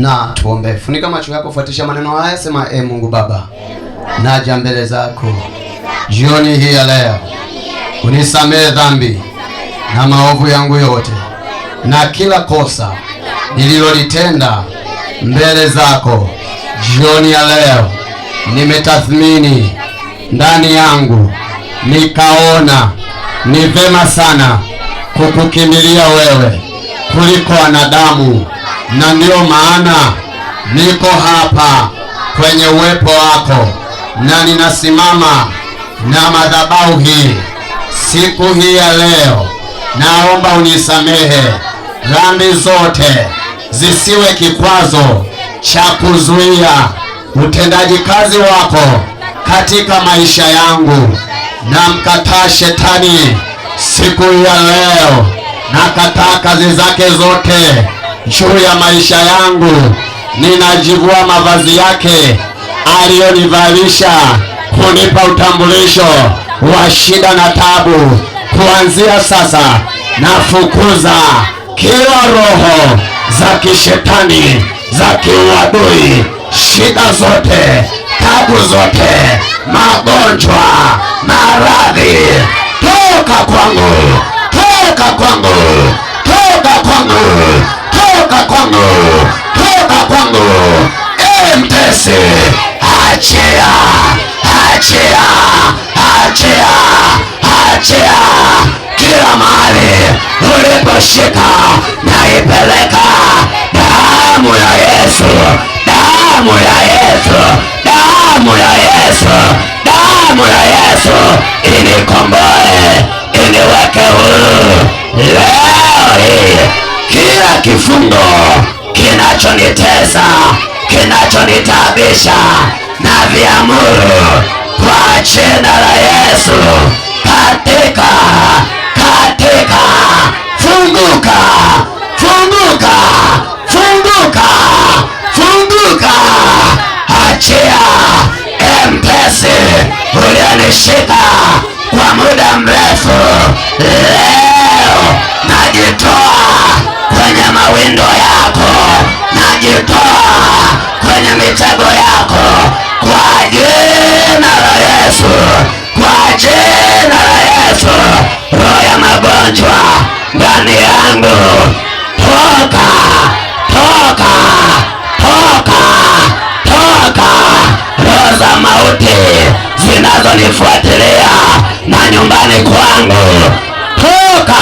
na tuombe. Funika macho yako, fuatisha maneno haya, sema: E Mungu Baba, naja mbele zako jioni hii ya leo, unisamehe dhambi na maovu yangu yote na kila kosa nililolitenda mbele zako. Jioni ya leo nimetathmini ndani yangu, nikaona ni vema sana kukukimbilia wewe kuliko wanadamu na ndiyo maana niko hapa kwenye uwepo wako na ninasimama na madhabahu hii siku hii ya leo. Naomba unisamehe dhambi zote, zisiwe kikwazo cha kuzuia utendaji kazi wako katika maisha yangu. Namkataa shetani siku ya leo, nakataa kazi zake zote juu ya maisha yangu, ninajivua mavazi yake aliyonivalisha, kunipa utambulisho wa shida na tabu. Kuanzia sasa nafukuza kila roho za kishetani za kiuadui, shida zote, tabu zote, magonjwa, maradhi, toka kwangu, toka kwangu, toka kwangu. Yesu, achia, achia, achia, achia kila mali uliposhika na ipeleka damu ya Yesu, damu ya Yesu, damu ya Yesu, damu ya Yesu inikomboe, iniweke huru leo hii kila kifungo kinachonitesa kinachonitabisha na viamuru kwa jina la Yesu, katika katika, funguka funguka funguka funguka, achia empesi ulionishika kwa muda mrefu. Leo najitoa kwenye mawindo yako, najitoa mitego yako kwa jina la Yesu, kwa jina la Yesu. Roho ya magonjwa ndani yangu, toka, toka, toka, toka. Roho za mauti zinazonifuatilia na nyumbani kwangu, toka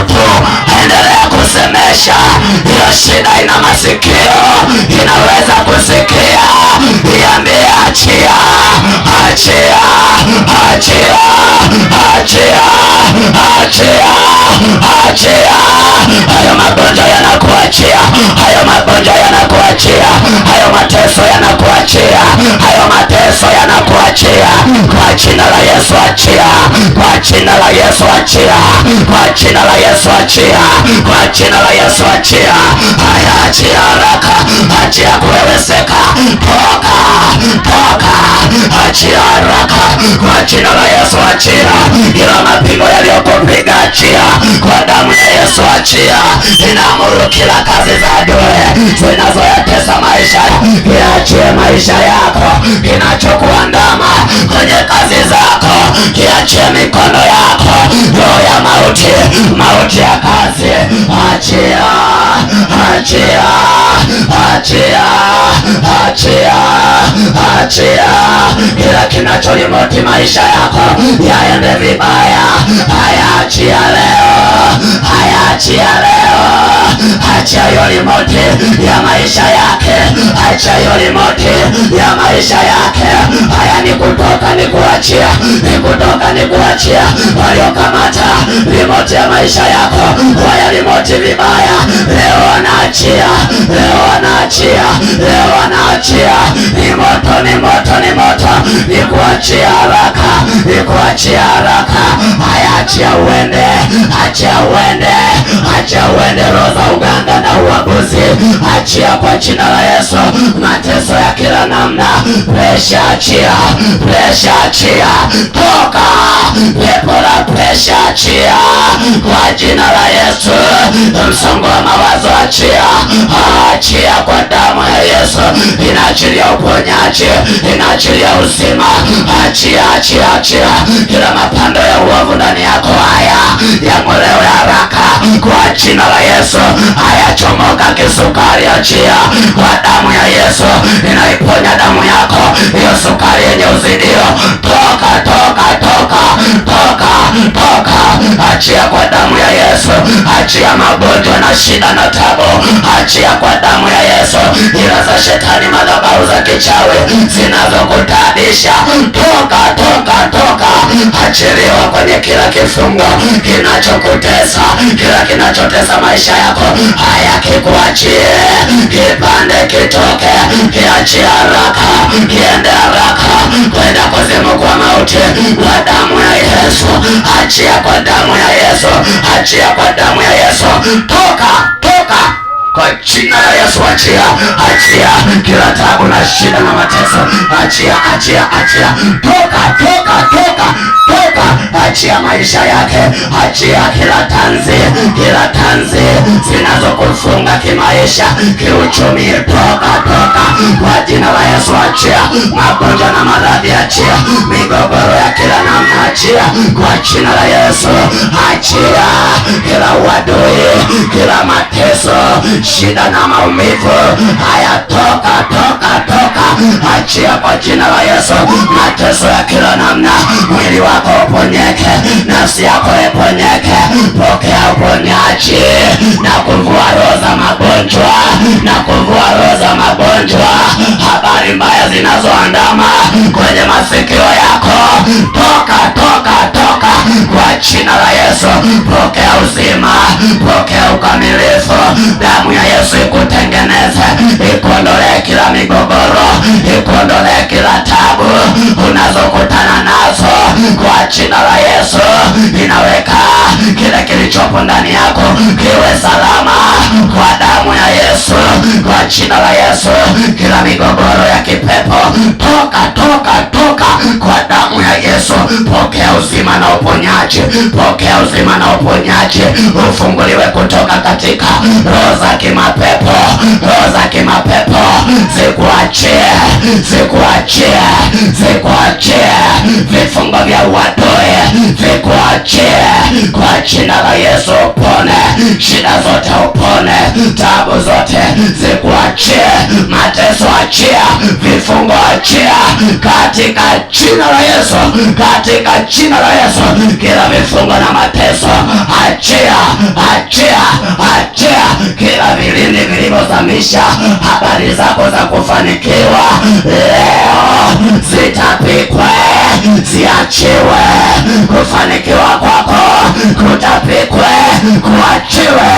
mtu. Endelea kusemesha hiyo shida, ina masikio inaweza kusikia. Iambie achia, achia, achia, achia, achia, achia. Hayo magonjwa yanakuachia, hayo magonjwa yanakuachia, hayo mateso yanakuachia, hayo mateso kwa jina la Yesu achia, kwa jina la Yesu achia, kwa jina la Yesu achia, kwa jina la Yesu achia. Haya, achia haraka, achia kuweweseka, toka toka, achia haraka kwa jina la Yesu achia, ila mapigo yaliyokupiga achia, kwa damu ya Yesu achia. Inaamuru kila kazi za adui zinazoyatesa maisha yaachie maisha yako, inachokuandama kwenye kazi zako, iachie mikono yako, roho ya mauti, mauti ya kazi, achia, achia, achia, achia achia kila kinacholimoti maisha yako yaende vibaya. Haya, achia leo, haya, achia leo, achia hiyo limoti ya maisha yake, achia hiyo limoti ya maisha yake. Haya, ni kutoka ni kuachia, ni kutoka ni kuachia. Waliokamata limoti ya maisha yako waya limoti vibaya, leo anaachia, leo anaachia, leo anaachia moto, ni moto, ni moto, nikuachia haraka, nikuachia haraka. Haya, achia uende, achia uende, achia uende, roho za Uganda achia kwa jina la Yesu. Mateso ya kila namna, presha achia, presha achia, toka pepo la presha achia kwa jina la Yesu. Msongo wa mawazo achia, achia kwa damu ya Yesu. Inaachilia uponyaji, inaachilia uzima, achia, achia, achia kila mapando ya uovu ndani yako, haya yang'olewe haraka kwa jina la Yesu. Haya chomoka kisu sukari ya kwa damu ya Yesu inaiponya damu yako, hiyo sukari yenye uzidio, toka toka toka toka toka, achia kwa damu ya Yesu, achia magonjwa na shida na tabu Nachia kwa damu ya Yesu ila za shetani, madhabahu za kichawi zinazokutaabisha, toka toka toka, achiliwa kwenye kila kifungo kinachokutesa, kila kinachotesa maisha yako, haya kikuachie, kipande kitoke, kiachie haraka, kiende haraka kwenda kuzimu, kwa mauti, kwa damu ya Yesu, achia kwa damu ya Yesu, achia kwa damu ya Yesu, toka toka kwa jina la Yesu, achia, achia kila tabu na shida na mateso, achia, achia, achia, toka, toka, toka, toka, achia maisha yake, achia kila tanzi, kila tanzi zinazokufunga kimaisha, kiuchumi, toka, toka, kwa jina la Yesu, achia magonjwa na maradhi, achia migogoro ya kila namna, achia kwa jina la Yesu, achia kila uadui, kila mateso shida na maumivu haya, toka toka toka, achia kwa jina la Yesu. Mateso ya kila namna, mwili wako uponyeke, nafsi yako iponyeke. Pokea uponyaji na kuvua roho za magonjwa, na kuvua roho za magonjwa, habari mbaya zinazoandama kwenye masikio yako, toka toka toka, kwa jina la Yesu. Pokea uzima, pokea ukamilifu. Damu ya Yesu ikutengeneze, ikuondolee kila migogoro, ikuondolee kila tabu unazokutana nazo. Kwa jina la Yesu inaweka kile kilichopo ndani yako kiwe salama kwa damu ya Yesu. Kwa jina la Yesu, kila migogoro ya kipepo toka, toka uzima na uponyaji, pokea uzima na uponyaji, ufunguliwe kutoka katika roho za kimapepo. Roho za kimapepo zikuachie, zikuachie, zikuachie, vifungo vya uadui vikuachie, kwa jina la Yesu upone shida zote upone tabu zote zikuachie, mateso achia, vifungo achia, katika jina la Yesu, katika jina la Yesu, kila vifungo na mateso achia, achia, achia, kila vilindi vilivyozamisha habari zako za kufanikiwa leo zitapikwe, ziachiwe kufanikiwa kwako kutapikwe kuachiwe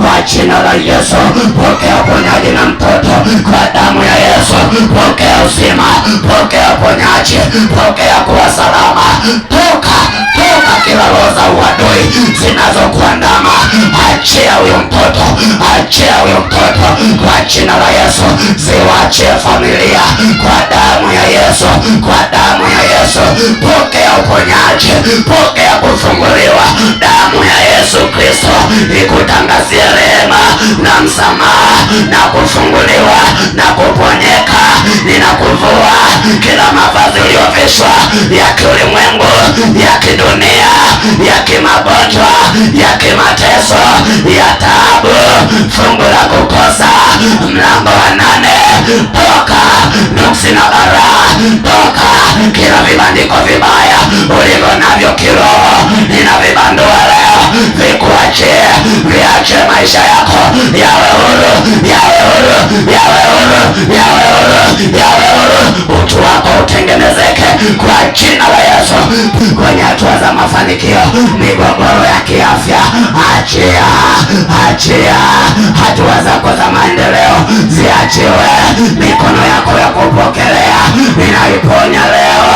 kwa jina la Yesu. Pokea uponyaji na mtoto kwa damu ya Yesu. Pokea uzima, pokea uponyaji, pokea kuwa salama. Toka, toka kila roho za uadui zinazokuandama, achia huyo mtoto, achia huyo mtoto kwa jina la Yesu, ziwachie familia kwa damu ya Yesu, kwa damu ya Yesu. Pokea uponyaji, pokea kufunguliwa. Damu ya Yesu Kristo ikutangazie rehema na msamaha na kufunguliwa na kuponyeka kila mavazi uliyovishwa ya kiulimwengu, ya kidunia, ya kimagonjwa, ya kimateso, ya taabu, fungu la kukosa, mlango wa nane, toka nuksi na bara toka kila vibandiko vibaya ulivyo navyo kiroho, ina vibandua vikuachie, viache maisha yako yawe huru, yawe huru, yawe huru, yawe huru, yawe huru, utu wako utengenezeke kwa jina la Yesu. Kwenye hatua za mafanikio, migogoro ya kiafya, achia, achia. Hatua zako za maendeleo ziachiwe. Mikono yako ya kupokelea inaiponya leo,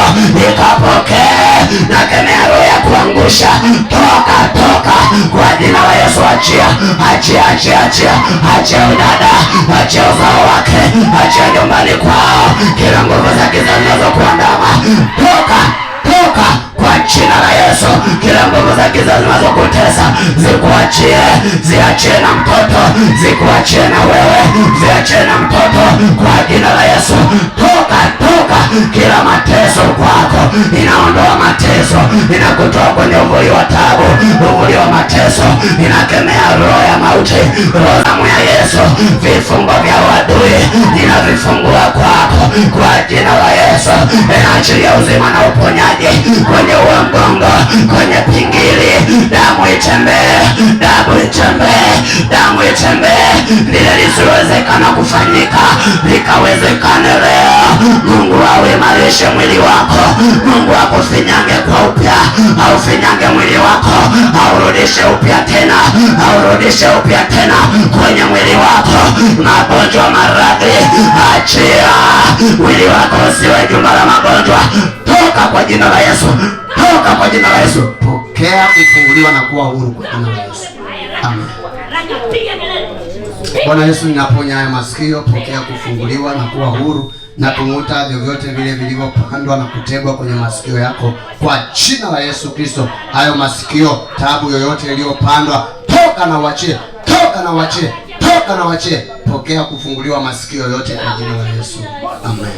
ikapokee na kemea kuangusha. Toka, toka kwa jina la Yesu! Achia, achia, achia, achia, achia udada, achia uzao wake, achia nyumbani kwao, kila nguvu za giza zinazokuandama toka, toka kwa jina la Yesu. Kila nguvu za giza zinazokutesa zikuachie, ziachie na mtoto, zikuachie na wewe, ziachie na mtoto kwa jina la Yesu. Toka, toka kila mateso kwako inaondoa mateso, inakutoa kwenye uvuli wa tabu, uvuli wa mateso. Inakemea roho ya mauti, roho damu ya Yesu, vifungo vya wadui inavifungua kwako kwa jina la Yesu, inaachilia uzima na uponyaji kwenye uwe mgongo, kwenye pingili. Damu itembee, damu itembee, damu itembee, lile lisiwezekana kufanyika likawezekane leo. Mungu auimarishe mwili wako, Mungu akufinyange kwa upya, aufinyange mwili wako aurudishe upya tena, aurudishe upya tena kwenye mwili wako. Magonjwa, maradhi, achia mwili wako usiwe jumba la magonjwa. Toka kwa jina la Yesu, toka kwa jina la Yesu. Pokea kufunguliwa na kuwa huru kwa jina la Yesu. Amen. Bwana Yesu, ninaponya haya masikio, pokea kufunguliwa na kuwa huru na kung'uta vyovyote vile vilivyopandwa na kutegwa kwenye masikio yako kwa jina la Yesu Kristo. Hayo masikio, tabu yoyote iliyopandwa, toka na wachie, toka na wachie, toka na wachie. Pokea kufunguliwa masikio yote kwa jina la Yesu, amen.